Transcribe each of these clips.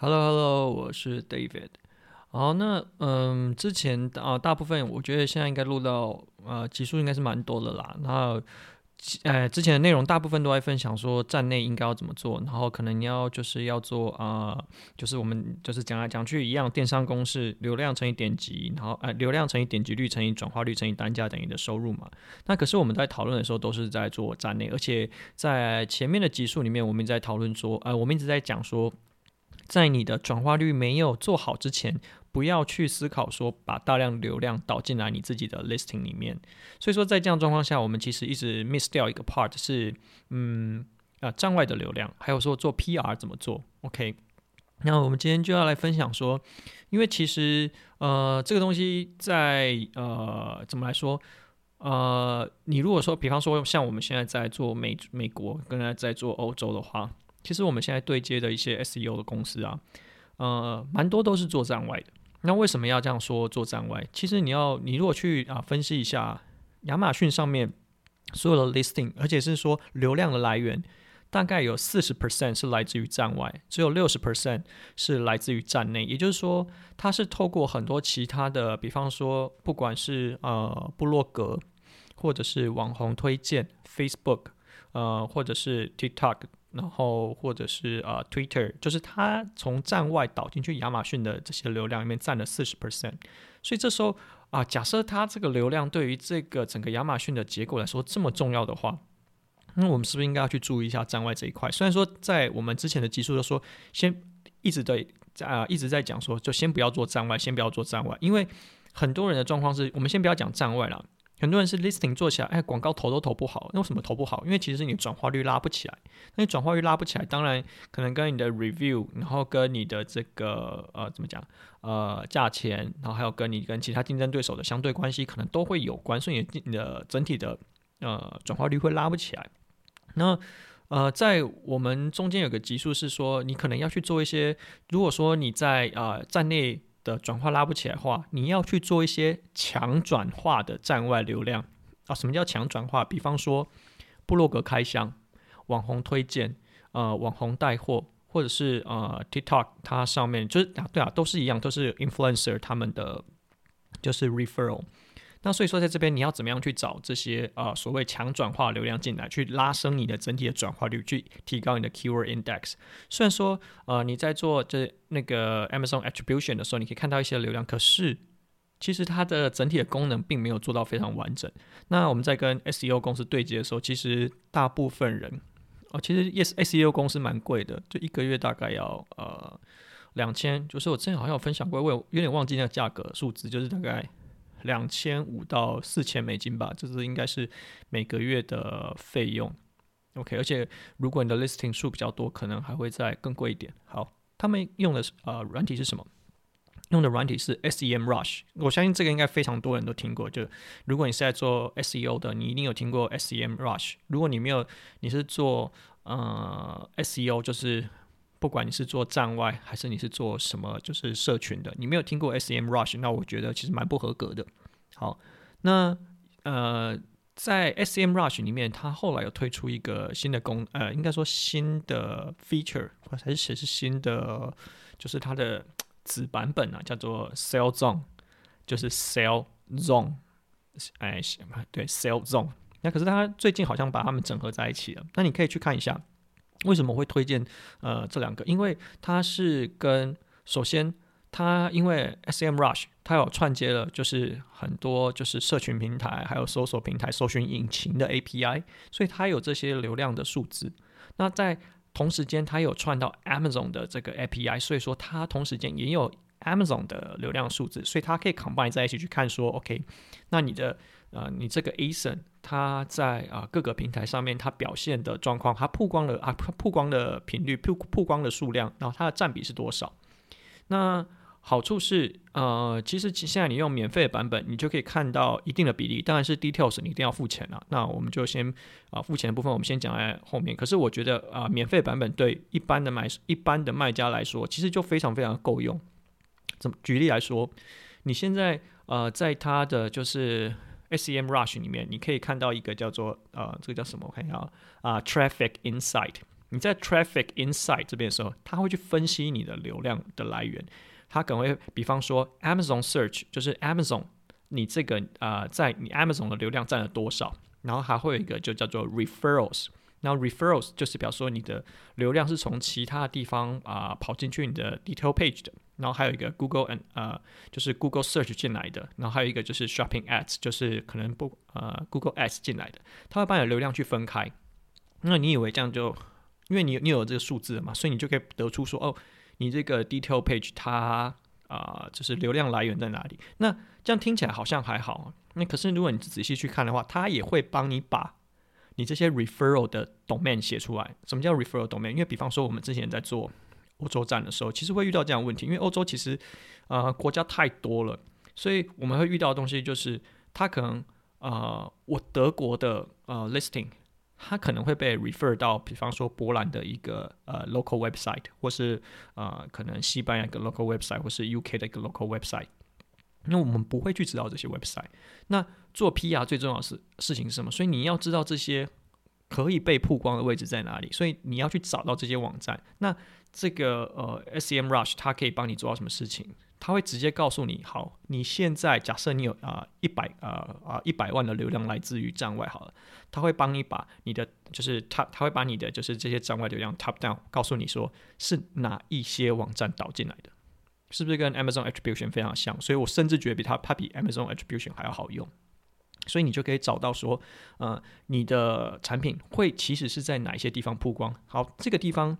Hello Hello，我是 David。好，那嗯，之前啊、呃，大部分我覺得現在應該錄到呃集數應該是蠻多的啦。然後呃，之前的內容大部分都在分享說站內應該要怎麼做，然後可能你要就是要做啊、呃，就是我們就是講來講去一樣電商公式：流量乘以點擊，然後呃流量乘以點擊率乘以轉化率乘以單價等於的收入嘛。那可是我們在討論的時候都是在做站內，而且在前面的集數裡面，我們在討論說，哎、呃，我們一直在講說。在你的轉化率沒有做好之前，不要去思考說把大量流量導進來你自己的 listing 裡面。所以說，在這樣狀況下，我們其實一直 miss 掉一個 part 是，嗯，啊，站外的流量，還有說做 PR 怎麼做。OK，那我們今天就要來分享說，因為其實，呃，這個東西在，呃，怎麼來說，呃，你如果說，比方說，像我們現在在做美美國，跟現在在做歐洲的話。其實我們現在對接的一些 SEO 的公司啊，呃，蠻多都是做站外的。那為什麼要這樣說做站外？其實你要你如果去啊、呃、分析一下亞馬遜上面所有的 listing，而且是說流量的來源，大概有四十 percent 是來自於站外，只有六十 percent 是來自於站內。也就是說，它是透過很多其他的，比方說不管是呃部落格或者是網紅推薦、Facebook 呃或者是 TikTok。然後或者是呃，Twitter，就是他從站外導進去亞馬遜的這些流量裡面佔了四十 percent，所以這時候啊、呃，假設它這個流量對於這個整個亞馬遜的結構來說這麼重要的話，那、嗯、我們是不是應該要去注意一下站外這一塊？雖然說在我們之前的集數就說先一直對啊、呃、一直在講說就先不要做站外，先不要做站外，因為很多人的狀況是，我們先不要講站外了。很多人是 listing 做起來，哎，廣告投都投不好，那為什麼投不好？因為其實你轉化率拉不起來，那你轉化率拉不起來，當然可能跟你的 review，然後跟你的這個呃怎麼講，呃價錢，然後還有跟你跟其他競爭對手的相對關係，可能都會有關，所以你的整體的呃轉化率會拉不起來。那呃，在我們中間有個級數是說，你可能要去做一些，如果說你在呃站內的轉化拉不起來的話，你要去做一些強轉化的站外流量啊？什麼叫強轉化？比方說，部落格開箱、網紅推薦、呃，網紅帶貨，或者是呃 TikTok 它上面就是啊對啊，都是一樣，都是 influencer 他們的就是 referral。那所以說，在這邊你要怎麼樣去找這些啊、呃、所謂強轉化流量進來，去拉升你的整體的轉化率，去提高你的 keyword index。雖然說，呃，你在做這那個 Amazon Attribution 的時候，你可以看到一些流量，可是其實它的整體的功能並沒有做到非常完整。那我們在跟 SEO 公司對接的時候，其實大部分人哦，其實 Yes SEO 公司蠻貴的，就一個月大概要呃兩千，2000，就是我之前好像有分享過，我有，有點忘記那個價格數值，就是大概。兩千五到四千美金吧，這、就是應該是每個月的費用。OK，而且如果你的 listing 數比較多，可能還會再更貴一點。好，他們用的是呃軟體是什麼？用的軟體是 SEMRush，我相信這個應該非常多人都聽過。就如果你是在做 SEO 的，你一定有聽過 SEMRush。如果你沒有，你是做呃 SEO，就是。不管你是做站外還是你是做什麼，就是社群的，你沒有聽過 SEMRush，那我覺得其實蠻不合格的。好，那呃，在 SEMRush 裡面，它後來有推出一個新的功，呃，應該說新的 feature，還是寫是新的，就是它的子版本啊，叫做 Sellzone，就是 Sellzone，哎，對 Sellzone。那可是它最近好像把它們整合在一起了，那你可以去看一下。為什麼我會推薦呃這兩個？因為它是跟首先它因為 SEMRush 它有串接了，就是很多就是社群平台還有搜索平台、搜尋引擎的 API，所以它有這些流量的數字。那在同時間，它有串到 Amazon 的這個 API，所以說它同時間也有 Amazon 的流量數字，所以它可以 combine 在一起去看說，OK，那你的呃你這個 ASIN 它在啊、呃、各個平台上面，它表現的狀況，它曝光的啊，曝光的頻率，曝曝光的數量，然後它的佔比是多少？那好處是，呃，其實現在你用免費的版本，你就可以看到一定的比例。當然是 details，你一定要付錢了。那我們就先啊、呃，付錢的部分我們先講在後面。可是我覺得啊、呃，免費版本對一般的買、一般的賣家來說，其實就非常非常夠用。怎麼舉例來說？你現在呃，在它的就是。SEM Rush 裡面，你可以看到一個叫做呃，這個叫什麼？我看一下啊，Traffic Insight。你在 Traffic Insight 這邊的時候，它會去分析你的流量的來源。它可能會，比方說 Amazon Search，就是 Amazon，你這個呃，在你 Amazon 的流量占了多少？然後還會有一個就叫做 Referrals，那 Referrals 就是表示說你的流量是從其他地方啊，呃，跑進去你的 Detail Page 的。然後還有一個 Google a、呃、就是 Google Search 進來的，然後還有一個就是 Shopping Ads，就是可能不呃 Google Ads 進來的，它會把你的流量去分開。那你以為這樣就，因為你你有這個數字嘛，所以你就可以得出說，哦，你這個 Detail Page 它啊、呃，就是流量來源在哪裡？那這樣聽起來好像還好，那可是如果你仔細去看的話，它也會幫你把你這些 Referral 的 Domain 寫出來。什麼叫 Referral Domain？因為比方說我們之前在做。歐洲站的時候，其實會遇到這樣的問題，因為歐洲其實，呃，國家太多了，所以我們會遇到的東西就是，它可能，呃，我德國的呃 listing，它可能會被 refer 到，比方說波蘭的一個呃 local website，或是呃可能西班牙一個 local website，或是 UK 的一個 local website。那我們不會去知道這些 website。那做 PR 最重要的是事情是什麼？所以你要知道這些。可以被曝光的位置在哪裡？所以你要去找到這些網站。那這個呃，SEMRush 它可以幫你做到什麼事情？它會直接告訴你，好，你現在假設你有啊一百啊啊一百萬的流量來自於站外，好了，它會幫你把你的就是它它會把你的就是這些站外流量 Top down 告訴你說是哪一些網站導進來的，是不是跟 Amazon Attribution 非常像？所以我甚至覺得比它它比 Amazon Attribution 還要好用。所以你就可以找到說，呃，你的產品會其實是在哪些地方曝光？好，這個地方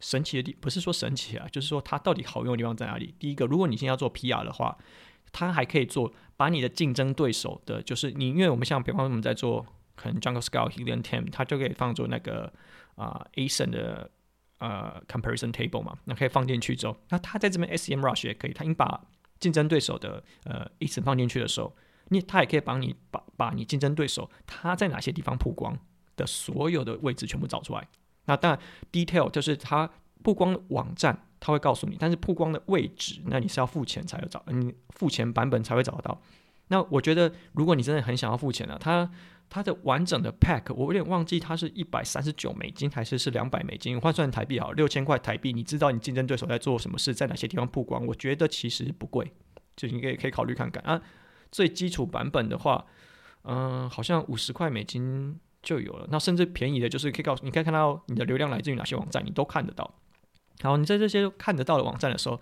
神奇的地不是說神奇啊，就是說它到底好用的地方在哪裡？第一個，如果你現在要做 PR 的話，它還可以做把你的競爭對手的，就是你因為我們像比方說我們在做可能 Jungle Scout、Helium 10，它就可以放做那個啊、呃、ASIN 的呃 comparison table 嘛，那可以放進去之後，那它在這邊 SEM Rush 也可以，它你把競爭對手的呃 ASIN 放進去的時候。你他也可以幫你把把你競爭對手他在哪些地方曝光的所有的位置全部找出來。那當然，detail 就是他曝光的網站，他會告訴你，但是曝光的位置那你是要付錢才有找，你付錢版本才會找得到。那我覺得，如果你真的很想要付錢呢，啊，它它的完整的 pack 我有點忘記它是一百三十九美金還是是兩百美金，換算台幣好六千塊台幣。你知道你競爭對手在做什麼事，在哪些地方曝光？我覺得其實不貴，就應該可以考慮看看啊。最基礎版本的話，嗯、呃，好像五十塊美金就有了。那甚至便宜的，就是可以告訴你，可以看到你的流量來自於哪些網站，你都看得到。好，你在這些看得到的網站的時候，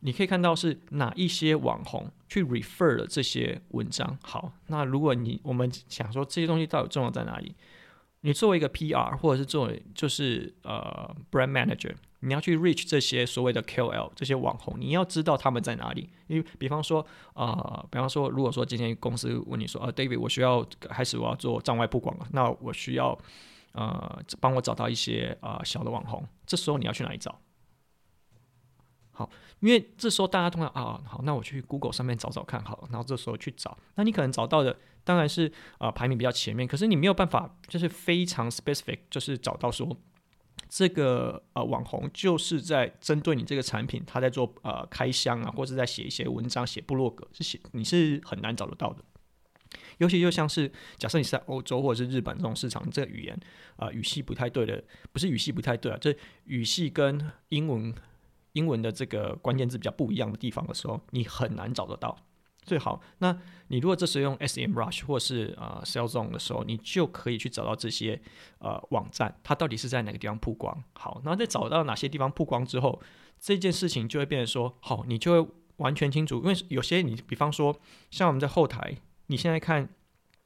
你可以看到是哪一些網紅去 refer 了這些文章。好，那如果你我們想說，這些東西到底重要在哪裡？你作為一個 PR，或者是作為，就是呃 brand manager，你要去 reach 這些所謂的 KOL 這些網紅，你要知道他們在哪裡。因為比方說啊、呃，比方說，如果說今天公司問你說啊，David，我需要開始我要做賬外曝光了，那我需要呃幫我找到一些啊、呃、小的網紅，這時候你要去哪裡找？好，因為這時候大家通常啊，好，那我去 Google 上面找找看，好，然後這時候去找，那你可能找到的當然是啊、呃、排名比較前面，可是你沒有辦法，就是非常 specific，就是找到說這個呃網紅就是在針對你這個產品，他在做呃開箱啊，或者在寫一些文章、寫部落格，是寫你是很難找得到的。尤其就像是假設你是在歐洲或者是日本這種市場，這個語言啊、呃、語系不太對的，不是語系不太對啊，這、就是、語系跟英文。英文的這個關鍵字比較不一樣的地方的時候，你很難找得到。最好，那你如果這時用 SEMRush 或是啊、呃、Sellzone 的時候，你就可以去找到這些呃網站，它到底是在哪個地方曝光。好，那在找到哪些地方曝光之後，這件事情就會變得說，好，你就會完全清楚。因為有些你，比方說像我們在後台，你現在看，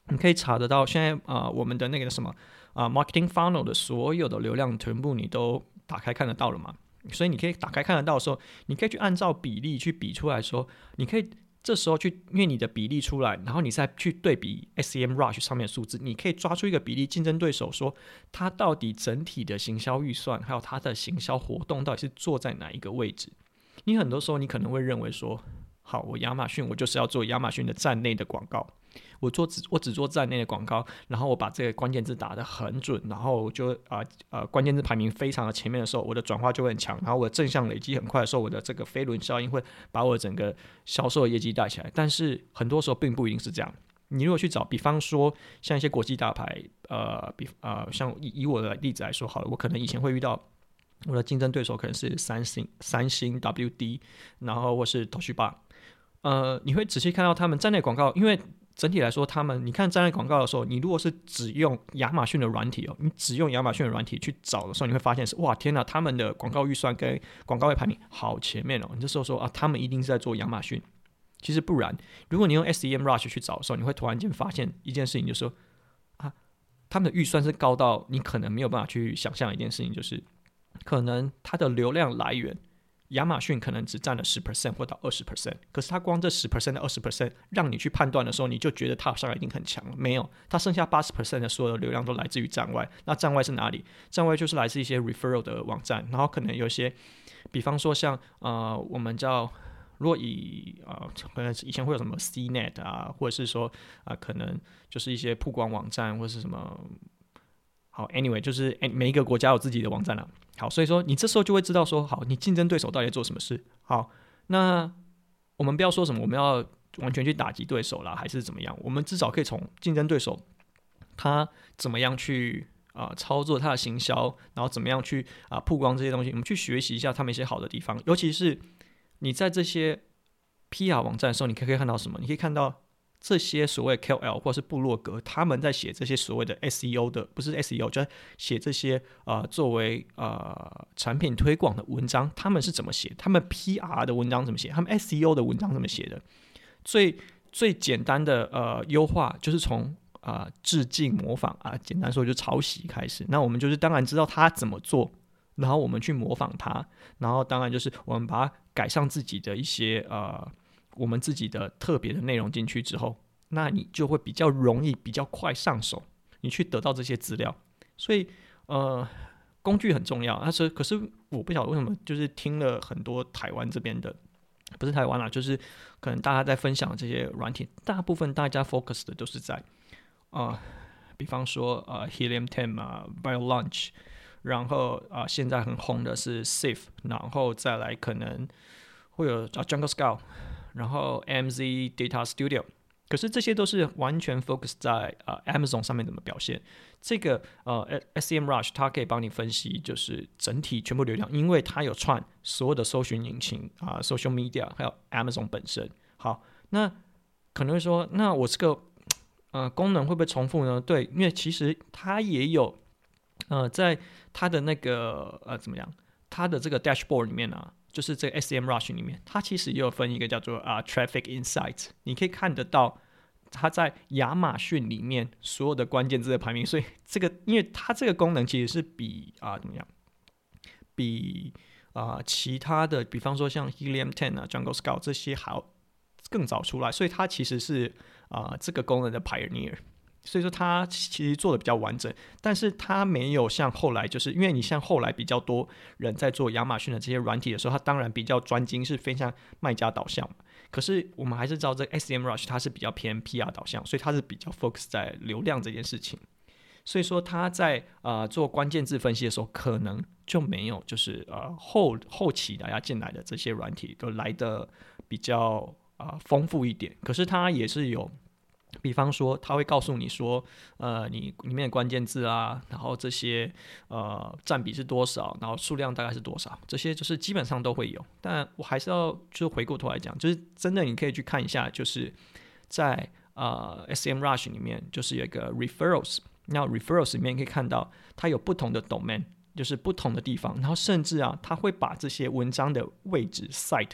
你可以查得到，現在啊、呃、我們的那個什麼啊、呃、Marketing Funnel 的所有的流量全部，你都打開看得到了嗎？所以你可以打開看得到的時候，你可以去按照比例去比出來說，你可以這時候去，因為你的比例出來，然後你再去對比 SEMRush 上面的數字，你可以抓出一個比例，競爭對手說他到底整體的行銷預算，還有他的行銷活動到底是做在哪一個位置。你很多時候你可能會認為說，好，我亞馬遜我就是要做亞馬遜的站內的廣告。我做只我只做站內的廣告，然後我把這個關鍵字打得很準，然後就啊啊、呃呃、關鍵字排名非常的前面的時候，我的轉化就會很強，然後我的正向累積很快的時候，我的這個飛輪效應會把我整個銷售業績帶起來。但是很多時候並不一定是這樣，你如果去找，比方說像一些國際大牌，呃，比呃，像以以我的例子來說好了，我可能以前會遇到我的競爭對手可能是三星三星 WD，然後或是 Toshiba，呃，你會仔細看到他們站內廣告，因為。整體來說，他們你看站內廣告的時候，你如果是只用亞馬遜的軟體哦，你只用亞馬遜的軟體去找的時候，你會發現是哇天吶，他們的廣告預算跟廣告位排名好前面哦。你這時候說啊，他們一定是在做亞馬遜。其實不然，如果你用 SEM Rush 去找的時候，你會突然間發現一件事情，就是說啊，他們的預算是高到你可能沒有辦法去想象一件事情，就是可能它的流量來源，亞馬遜可能只佔了十 percent 或到二十 percent，可是它光這十 percent 到二十 percent 讓你去判斷的時候，你就覺得它好像已經很強了。沒有，它剩下八十 percent 的所有的流量都來自於站外。那站外是哪裡？站外就是來自一些 referral 的網站，然後可能有些，比方說像呃，我們叫若以啊、呃，可能以前會有什麼 CNET 啊，或者是說啊、呃，可能就是一些曝光網站，或者是什麼。好，anyway，就是每每一個國家有自己的網站了、啊。好，所以說你這時候就會知道說，好，你競爭對手到底做什麼事。好，那我們不要說什麼我們要完全去打擊對手啦，還是怎麼樣？我們至少可以從競爭對手他怎麼樣去啊、呃、操作他的行銷，然後怎麼樣去啊、呃、曝光這些東西，我們去學習一下他們一些好的地方。尤其是你在這些 PR 網站的時候，你可以看到什麼？你可以看到。這些所謂 KOL 或者是部落格，他們在寫這些所謂的 SEO 的，不是 SEO，就是寫這些啊、呃、作為啊、呃、產品推廣的文章，他們是怎麼寫？他們 PR 的文章怎麼寫？他們 SEO 的文章怎麼寫的？最最簡單的呃優化就是從啊、呃、致敬模仿啊、呃，簡單說就抄襲開始。那我們就是當然知道他怎麼做，然後我們去模仿他，然後當然就是我們把它改上自己的一些呃。我們自己的特別的內容進去之後，那你就會比較容易、比較快上手，你去得到這些資料。所以，呃，工具很重要。但是，可是我不曉得為什麼，就是聽了很多台灣這邊的，不是台灣啦、啊，就是可能大家在分享這些軟體，大部分大家 focus 的都是在啊、呃，比方說、呃、Helium 10，啊，Helium Ten 啊，Viral Launch，然後啊，現在很紅的是 Safe，然後再來可能會有啊，Jungle Scout。然後，MZ Data Studio，可是這些都是完全 focus 在呃 Amazon 上面的表現。這個呃 SEMRush 它可以幫你分析，就是整體全部流量，因為它有串所有的搜尋引擎啊、呃、social media 還有 Amazon 本身。好，那可能會說，那我這個呃功能會不會重複呢？對，因為其實它也有呃在它的那個呃怎麼樣，它的這個 dashboard 裡面呢、啊。就是這個 SEMRush 裡面，它其實也有分一個叫做啊、uh, Traffic Insights，你可以看得到它在亞馬遜裡面所有的關鍵字的排名。所以這個，因為它這個功能其實是比啊怎麼樣，比啊、呃、其他的，比方說像 Helium 10啊 Jungle Scout 這些還要更早出來，所以它其實是啊、呃、這個功能的 pioneer。所以說它其實做的比較完整，但是它沒有像後來，就是因為你像後來比較多人在做亞馬遜的這些軟體的時候，它當然比較專精，是非常賣家導向嘛，可是我們還是知道這個 SEMRush 它是比較偏 PR 導向，所以它是比較 focus 在流量這件事情。所以說它在呃做關鍵字分析的時候，可能就沒有就是呃後後期大家進來的這些軟體都來得比較啊、呃、豐富一點，可是它也是有。比方說，他會告訴你說，呃，你裡面的關鍵字啊，然後這些呃占比是多少，然後數量大概是多少，這些就是基本上都會有。但我還是要就回過頭來講，就是真的你可以去看一下，就是在啊，呃，SEMRush 裡面就是有一個 Referrals，那 Referrals 裡面可以看到它有不同的 Domain，就是不同的地方，然後甚至啊，它會把這些文章的位置 Site。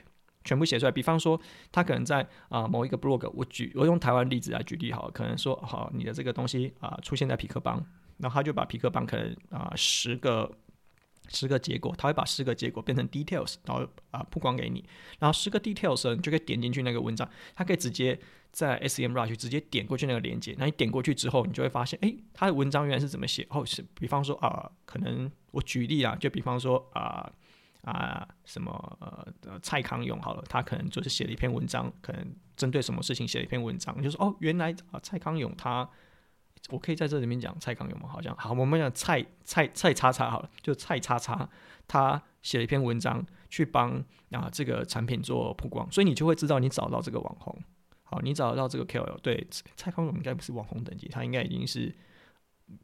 全部寫出來，比方說他可能在啊、呃、某一個 blog，我舉我用台灣例子來舉例，好，可能說好、哦、你的這個東西啊、呃、出現在痞客邦，然後他就把痞客邦可能啊、呃、十個十個結果，他會把十個結果變成 details，然後啊、呃、曝光給你，然後十個 details 你就可以點進去那個文章，他可以直接在 SEMRush 直接點過去那個鏈接，那你點過去之後，你就會發現哎他的文章原來是怎麼寫，哦，是比方說啊、呃、可能我舉例啊，就比方說啊。呃啊，什麼呃，蔡康永好了，他可能就是寫了一篇文章，可能針對什麼事情寫了一篇文章，就是哦，原來啊、呃、蔡康永他，我可以在這裡面講蔡康永嗎？好像好，我們講蔡蔡蔡叉叉好了，就蔡叉叉他寫了一篇文章去幫啊、呃、這個產品做曝光，所以你就會知道你找到這個網紅，好，你找到這個 KOL，對，蔡康永應該不是網紅等級，他應該已經是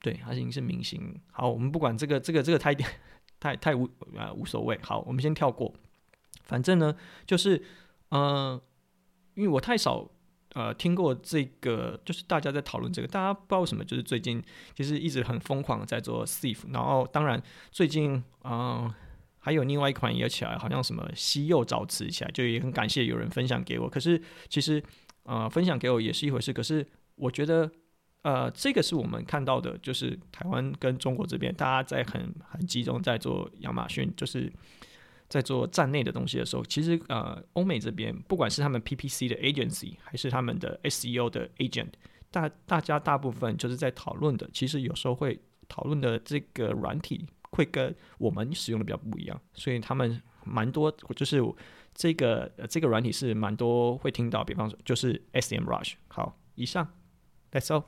對，他已經是明星。好，我們不管這個這個這個太。太太無啊無所謂，好，我們先跳過。反正呢，就是，呃，因為我太少呃聽過這個，就是大家在討論這個，大家不知道為什麼，就是最近其實一直很瘋狂的在做 SIF，然後當然最近嗯、呃、還有另外一款也起來，好像什麼西柚找詞起來，就也很感謝有人分享給我。可是其實啊、呃、分享給我也是一回事，可是我覺得。呃，這個是我們看到的，就是台灣跟中國這邊，大家在很很集中在做亞馬遜，就是在做站內的東西的時候，其實呃，歐美這邊不管是他們 PPC 的 agency 還是他們的 SEO 的 agent，大大家大部分就是在討論的，其實有時候會討論的這個軟體會跟我們使用的比較不一樣，所以他們蠻多就是這個、呃、這個軟體是蠻多會聽到，比方說就是 SEMRush。好，以上，That's all。